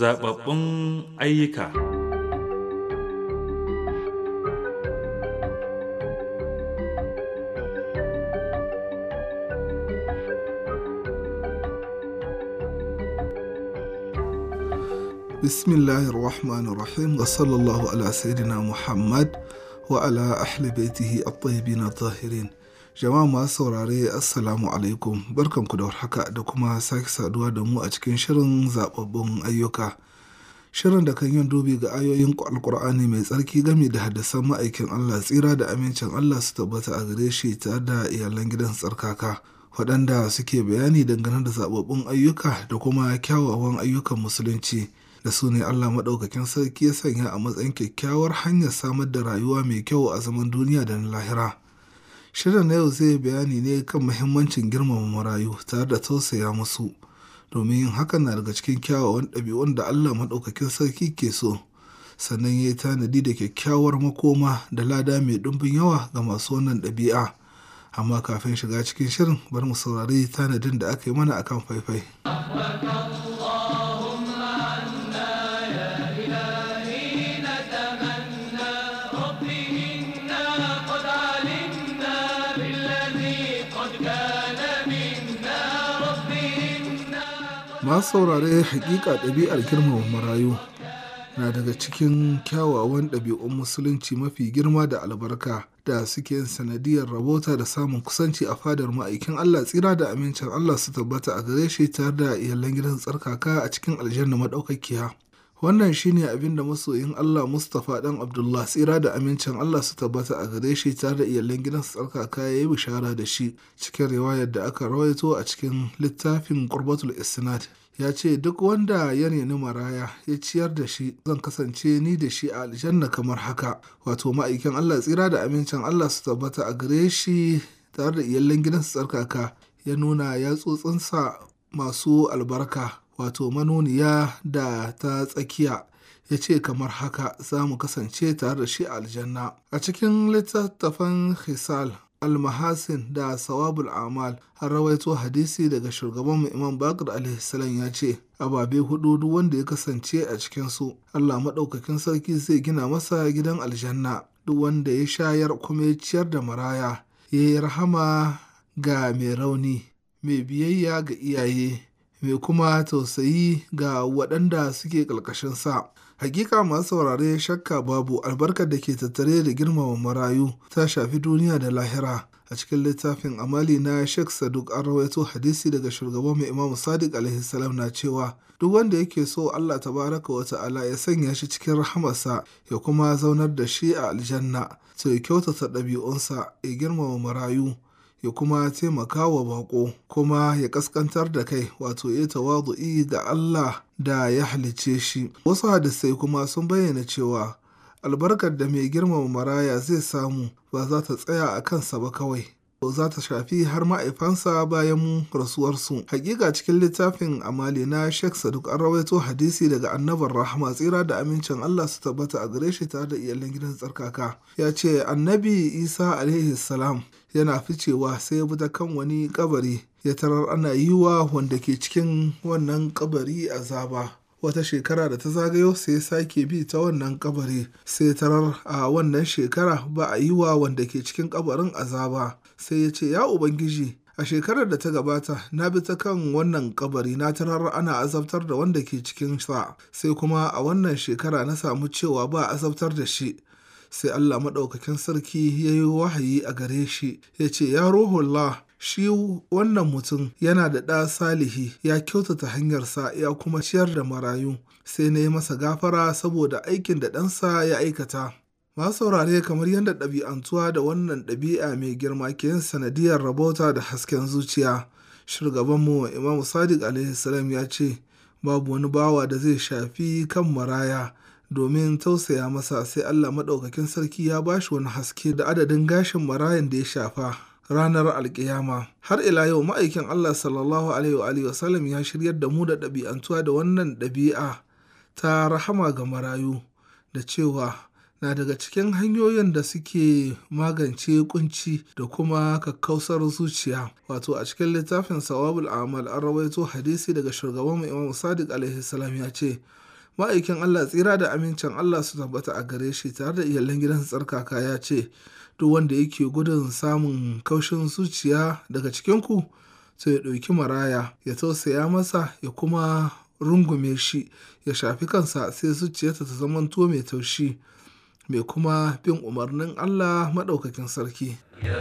zababbun ayyuka بسم الله الرحمن الرحيم وصلى الله على سيدنا محمد وعلى أهل بيته الطيبين الطاهرين Jama'a masu saurare Assalamu alaikum barkanku da warhaka da kuma sake saduwa da mu a cikin shirin zababbun ayyuka. Shirin da kan yin dubi ga ayoyin Alkur'ani mai tsarki gami da haddasan ma'aikin Allah tsira da amincin Allah su tabbata a gare shi tare da iyalan gidan tsarkaka. waɗanda suke bayani dangane da zababbun ayyuka da kuma kyawawan ayyukan musulunci da su ne Allah maɗaukakin sarki ya sanya a matsayin kyakkyawar hanyar samar da rayuwa mai kyau a zaman duniya da na lahira. Shirin na yau zai bayani ne kan mahimmancin girmama marayu tare da tausaya musu, domin yin hakan na daga cikin kyawawan ɗabi'un da Allah Maɗaukakin Sarki ke so, sannan ya yi tanadi da kyakkyawar makoma da lada mai ɗumbin yawa ga masu wannan ɗabi'a. Amma kafin shiga cikin shirin, bar mu saurari tanadin da aka yi mana akan faifai. masu saurare hakika ɗabi'ar girmama marayu na daga cikin kyawawan ɗabi'un musulunci mafi girma da albarka da suke yin sanadiyar rabota da samun kusanci a fadar ma'aikin Allah tsira da amincin Allah su tabbata a gare shi tare da iyalan gidan tsarkaka a cikin aljanna maɗaukakiya. Wannan shine abin da masoyin Allah Mustapha dan Abdullah tsira da amincin Allah su tabbata a gare shi tare da iyalan gidan tsarkaka ya yi bishara da shi cikin riwayar da aka rawaito a cikin littafin Qurbatul Isnad. ya ce duk wanda ya nemi maraya ya ciyar da shi zan kasance ni da shi a aljanna kamar haka wato ma'aikin Allah tsira da amincin Allah su tabbata a gare shi tare da gidan su tsarkaka ya nuna tsotsinsa masu albarka wato manuniya da ta tsakiya ya ce kamar haka za mu kasance tare da shi a aljanna a cikin littattafan hisal almahasin da sawabul amal har rawaito hadisi daga shugaban imam bakar alaihissalam ya ce ababe hudu duk wanda ya kasance a cikinsu allah maɗaukakin sarki zai gina masa gidan aljanna duk wanda ya shayar kuma ya ciyar da maraya ya yi rahama ga mai rauni mai biyayya ga iyaye mai kuma tausayi ga waɗanda suke ƙarƙashin sa Hakika masu saurare shakka babu albarkar da ke tattare da girmama marayu ta shafi duniya da lahira. A cikin littafin amali na Sheikh Saduk an rawaito hadisi daga shugaban mai Imam Sadiq alaihi na cewa duk wanda yake so Allah ta baraka wa ta'ala ya sanya shi cikin rahamarsa ya kuma zaunar da shi a aljanna to ya kyautata ɗabi'unsa ya girmama marayu ya kuma taimaka wa baƙo kuma ya ƙasƙantar da kai wato ya tawadu'i ga Allah da ya halice shi wasu hadisai kuma sun bayyana cewa albarkar da mai girmama maraya zai samu ba za ta tsaya a kansa ba kawai za ta shafi har ma'aifansa bayan rasuwarsu. Hakika cikin littafin amali na Sheikh Saduk an rawaito hadisi daga annabar rahama tsira da amincin Allah su tabbata a gare shi tare da iyalan gidan tsarkaka. Ya ce annabi Isa alaihi salam yana ficewa sai ya bi ta kan wani kabari ya tarar ana yi wa wanda ke cikin wannan kabari azaba wata shekara da ta zagayo sai ya sake bi ta wannan kabari sai tarar a wannan shekara ba a yi wa wanda ke cikin kabarin azaba sai ya ce ya ubangiji a shekarar da ta gabata na bi ta kan wannan kabari na tarar ana azabtar da wanda ke cikin sa sai kuma a wannan shekara na samu cewa ba azabtar da shi sai Allah maɗaukakin sarki ya yi wahayi a gare shi ya ce ya Allah shi wannan mutum yana da ɗa salihi ya kyautata hanyarsa ya kuma ciyar da marayu sai na yi masa gafara saboda aikin da ɗansa ya aikata Ma saurare kamar yadda ɗabi'antuwa da wannan ɗabi'a mai girma ke yin sanadiyar rabota da hasken zuciya shugabanmu Imam sadiq alaihi ya ce babu wani bawa da zai shafi kan maraya domin tausaya masa sai Allah maɗaukakin sarki ya ba shi wani haske da adadin gashin marayan da ya shafa ranar alkiyama har ila yau ma'aikin Allah sallallahu alaihi wa sallam ya shiryar da mu da ɗabi'antuwa da wannan ɗabi'a ta rahama ga marayu da cewa na daga cikin hanyoyin da suke magance kunci da kuma kakkausar zuciya wato a cikin littafin sawabul amal an rawaito hadisi daga shugaban imam sadiq alaihi salam ya ce ma'aikin Allah tsira da amincin Allah su tabbata a gare shi tare da iyalan gidan tsarkaka ya ce duk wanda yake gudun samun kaushin zuciya daga cikinku sai ya ɗauki maraya ya tausaya masa ya kuma rungume shi ya shafi kansa sai zuciyarta ta zamanto mai taushi mai kuma bin umarnin Allah maɗaukakin sarki. Ya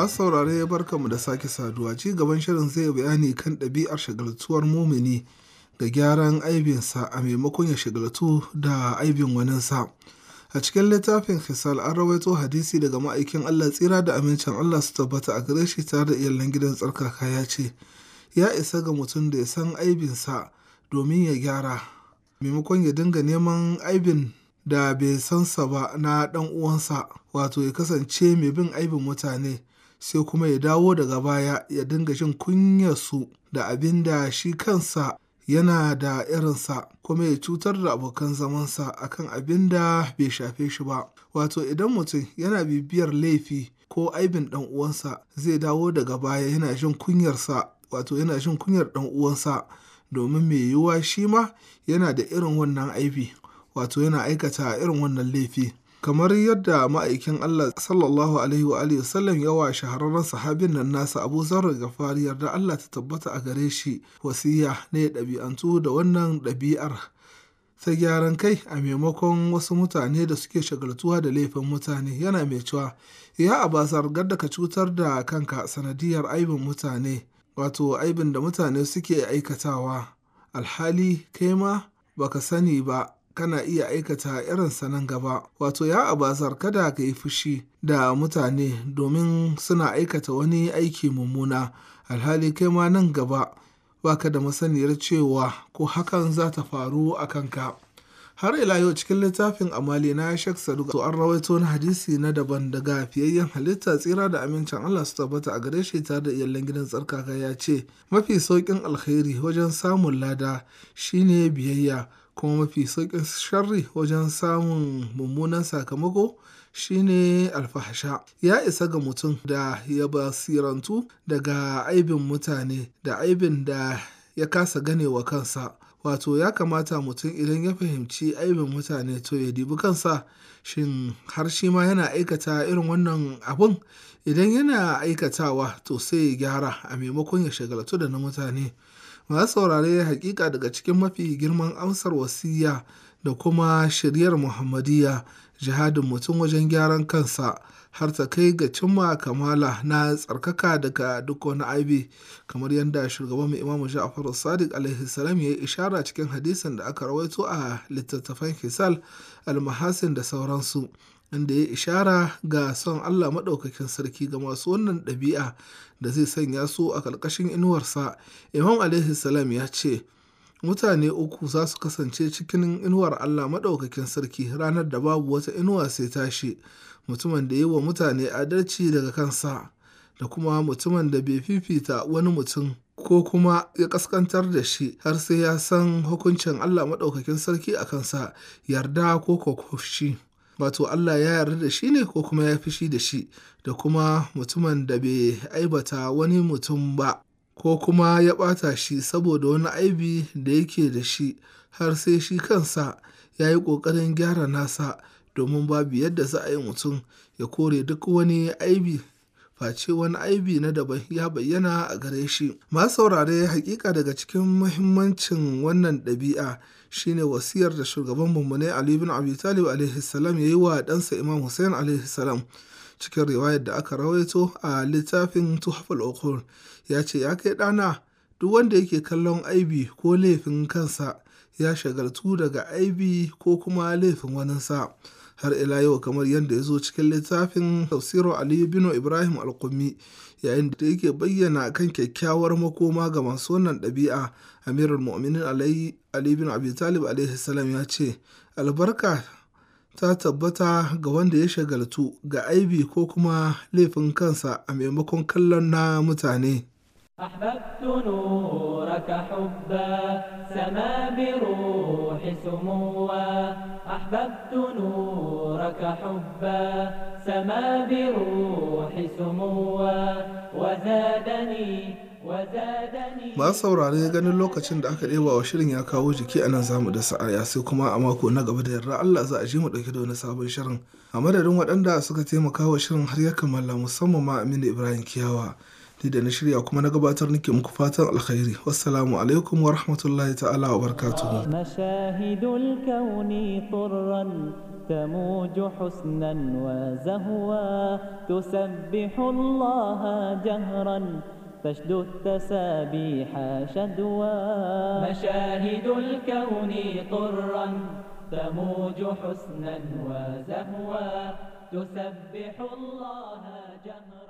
Masu saurare mu da sake saduwa ci gaban shirin zai bayani kan ɗabi'ar shagaltuwar mumini ga gyaran aibinsa a maimakon ya shagaltu da aibin waninsa. A cikin littafin Fisal an rawaito hadisi daga ma'aikin Allah tsira da amincin Allah su tabbata a gare shi tare da iyalan gidan tsarkaka ya ce, Ya isa ga mutum da ya san aibinsa domin ya gyara, maimakon ya dinga neman aibin da bai sansa ba na dan uwansa, wato ya kasance mai bin aibin mutane. sai kuma ya dawo daga baya ya dinga jin su da abin da shi kansa yana da irinsa kuma ya cutar da abokan zamansa akan abin da bai shafe shi ba wato idan mutum yana bibiyar laifi ko aibin dan uwansa zai dawo daga baya yana jin kunyarsa wato yana jin kunyar ɗan uwansa domin mai yiwuwa shi ma yana da irin wannan aibi wato yana aikata irin wannan laifi kamar yadda ma'aikin Allah sallallahu alaihi wa alihi sallam ya wa shahararren sahabin nan nasa Abu Zarra Gafari yarda Allah ta tabbata a gare shi wasiya ne ɗabi'antu da wannan ɗabi'ar ta gyaran kai a maimakon wasu mutane da suke shagaltuwa da laifin mutane yana mai cewa ya abasar gadda ka cutar da kanka sanadiyar aibin mutane wato aibin da mutane suke aikatawa alhali kai ma baka sani ba kana iya aikata irinsa nan gaba wato ya abasar kada ka yi fushi da mutane domin suna aikata wani aiki mummuna alhali kai ma nan gaba baka da masaniyar cewa ko hakan za ta faru a kanka har ila yau cikin littafin amali na shek sadu to an rawaito wani hadisi na daban daga fiyayyen halitta tsira da amincin allah su tabbata a gare shi tare da iyalan gidan tsarkaka ya ce mafi sauƙin alkhairi wajen samun lada shine biyayya kuma mafi sauƙin sharri wajen samun mummunan sakamako shine alfahasha ya isa ga mutum da ya basirantu daga aibin mutane da aibin da ya kasa ganewa kansa wato ya kamata mutum idan ya fahimci aibin mutane to ya dibi kansa shin har shi ma yana aikata irin wannan abun idan yana aikatawa to sai ya gyara a maimakon ya shagaltu da na mutane masu saurare hakika daga cikin mafi girman amsar wasiya da kuma shiryar muhammadiyya jihadin mutum wajen gyaran kansa har ta kai ga cimma kamala na tsarkaka daga duk wani aibi kamar yadda shugaban mai imamu ja'far sadiq alaihi salam ya yi ishara cikin hadisin da aka rawaito a littattafan hisal almahasin da sauransu inda ya ishara ga son Allah maɗaukakin sarki ga masu wannan ɗabi'a da zai sanya su a ƙarƙashin inuwarsa. Imam alaihi salam ya ce, Mutane uku za su kasance cikin inuwar Allah maɗaukakin sarki ranar da babu wata inuwa sai tashi, mutumin da yi wa mutane adalci daga kansa, da kuma mutumin da bai fifita wani mutum ko kuma ya kaskantar da shi har sai ya san hukuncin Allah maɗaukakin sarki a kansa yarda ko kokoshi. wato Allah ya yarda da shi ne ko kuma ya fi shi da shi da kuma mutumin da bai aibata wani mutum ba ko kuma ya ɓata shi saboda wani aibi da yake da shi har sai shi kansa ya yi ƙoƙarin gyara nasa domin babu yadda za a yi mutum ya kore duk wani aibi face wani aibi na daban ya bayyana a gare shi ma saurare hakika daga cikin muhimmancin wannan ɗabi'a shine wasiyar da shugaban mummune Ali bin Abi Talib alaihi salam yayi wa ɗansa Imam Hussein alaihi salam cikin riwayar da aka rawaito a littafin tuhafal Uqul ya ce ya kai ɗana duk wanda yake kallon aibi ko laifin kansa ya shagaltu daga aibi ko kuma laifin waninsa har ila yau kamar yadda ya zo cikin littafin tafsiru aliyu bino ibrahim alkumi yayin da yake bayyana kan kyakkyawar makoma ga masu wannan ɗabi'a amirul mu'minin ali bin abi talib alaihi salam ya ce albarka ta tabbata ga wanda ya shagaltu ga aibi ko kuma laifin kansa a maimakon kallon na mutane أحببت نورك حبا سما بروح سموا أحببت نورك حبا سما بروح سموا وزادني ma saurare ganin lokacin da aka ɗeba wa shirin ya kawo jiki a nan zamu da sa'aya sai kuma a mako na gaba da yarda Allah za a ji mu ɗauki da wani sabon shirin a madadin waɗanda suka taimaka wa shirin har ya kammala musamman ma Aminu Ibrahim Kiyawa ni da na shirya kuma na gabatar nake muku fatan alkhairi wassalamu alaikum wa rahmatullahi ta'ala wa barakatuhu mashahidul kauni turran تموج حسنا وزهوا تسبح الله جهرا تشدو التسابيح شدوا مشاهد الكون طرا تموج حسنا وزهوا تسبح الله جهرا